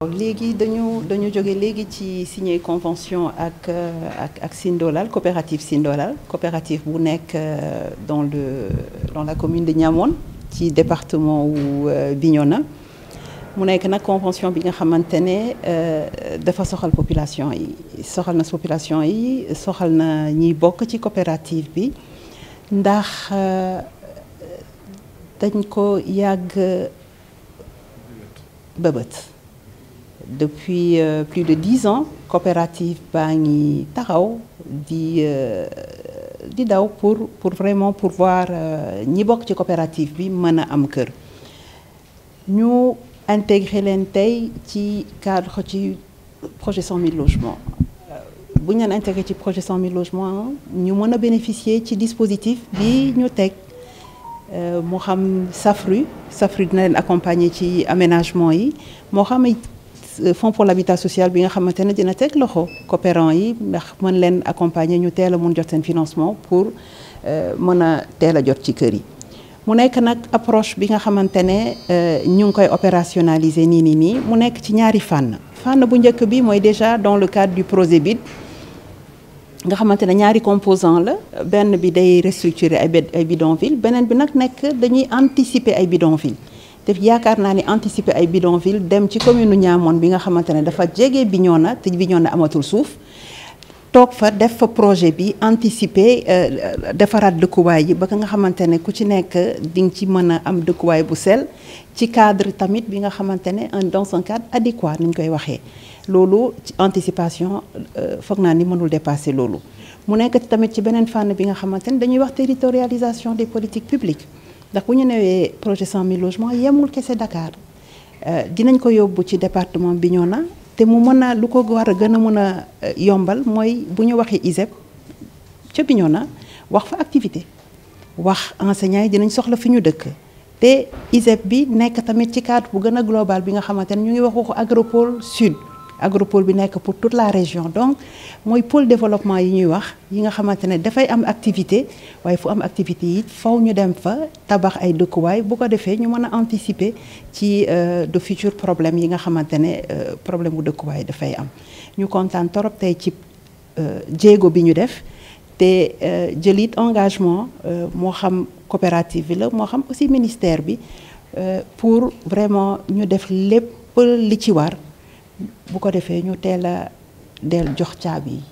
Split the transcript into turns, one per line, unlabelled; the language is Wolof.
nous dañu dañu jóge léegi ci signer convention ak ak ak Sindolal coopérative Sindolal coopérative bu euh, dans le dans la commune de Niamone ci département où euh, Bignona mu nekk nag convention bi nga xamante ne euh, dafa soxal population yi soxal na population yi soxal na ñiy bokk ci coopérative bi ndax dañ ko yag. bëbët depuis euh, plus de dix ans coopérative Bangi ngi taxaw di euh, pour pour vraiment pouvoir voir euh, bokk ci coopérative bi mën Nous am intégré leen ci cadre du projet 100 000 logements bu ñu le ci projet 100 000 logements nous mëna bénéficier ci dispositif bi ñu euh Nous xam SAFRU SAFRU dina accompagner ci aménagement yi xam euh, fonds pour l'habitat social bi nga xamantene dina tek loxo coopérants yi ndax mën leen accompagner ñu teel a mun jot sen financement pour euh, mën a teel jot ci kër yi mu nekk nag approche bi nga xamantene ne euh, ñu ngi koy opérationnaliser nii nii nii mu nekk ci ñaari fànn fànn bu njëkk bi mooy déjà dans le cadre du projet Prosebid nga xamante ne ñaari composant la benn bi day restructurer ay bidon ville beneen bi nag nekk dañuy anticiper ay bidon ville te yaakaar naa ni anticiper ay bidonville dem ci commune Niamone bi nga xamantene dafa jege Bignona té Bignona amatul suuf tok fa def fa projet bi anticiper euh, euh, de dëkkuwaay yi ba nga xamantene ku ci nek ding ci mëna am am dëkkuwaay bu sel ci cadre tamit bi nga xamantene un dans un cadre adéquat ni ñu koy waxee ci anticipation euh, foog naa ni mënul dépasser lolu mu nek tamit ci benen fan bi nga xamantene dañuy wax territorialisation des politiques publiques ndax bu ñu newee projet 100000 logements yemul kese Dakar euh, dinañ ko yóbbu ci département Bignona te mu mën a lu ko war a gën a mën a euh, yombal mooy bu ñu waxee ISEP ca Bignona wax fa activité wax enseignants yi dinañ soxla fi ñu dëkk te ISEP bi nekk tamit ci cadre bu gën a global bi nga xamante ne ñu ngi wax waxu agropole sud. agropole bi nekk pour toute la région donc mooy pôle développement yi ñuy wax yi nga xamante ne dafay am activité waaye fu am activité yi faw ñu dem fa tabax ay dëkkuwaay bu ko defee ñu mën a anticiper ci euh, de future problème yi nga xamante ne euh, problème bu dëkkuwaay dafay am ñu kontaan torop tey ci euh, jéego bi ñu def te jëlit engagement moo xam coopérative bi la moo xam aussi ministère bi pour vraiment ñu def lépp li ci war bu ko defee ñu teel a del jox caabi yi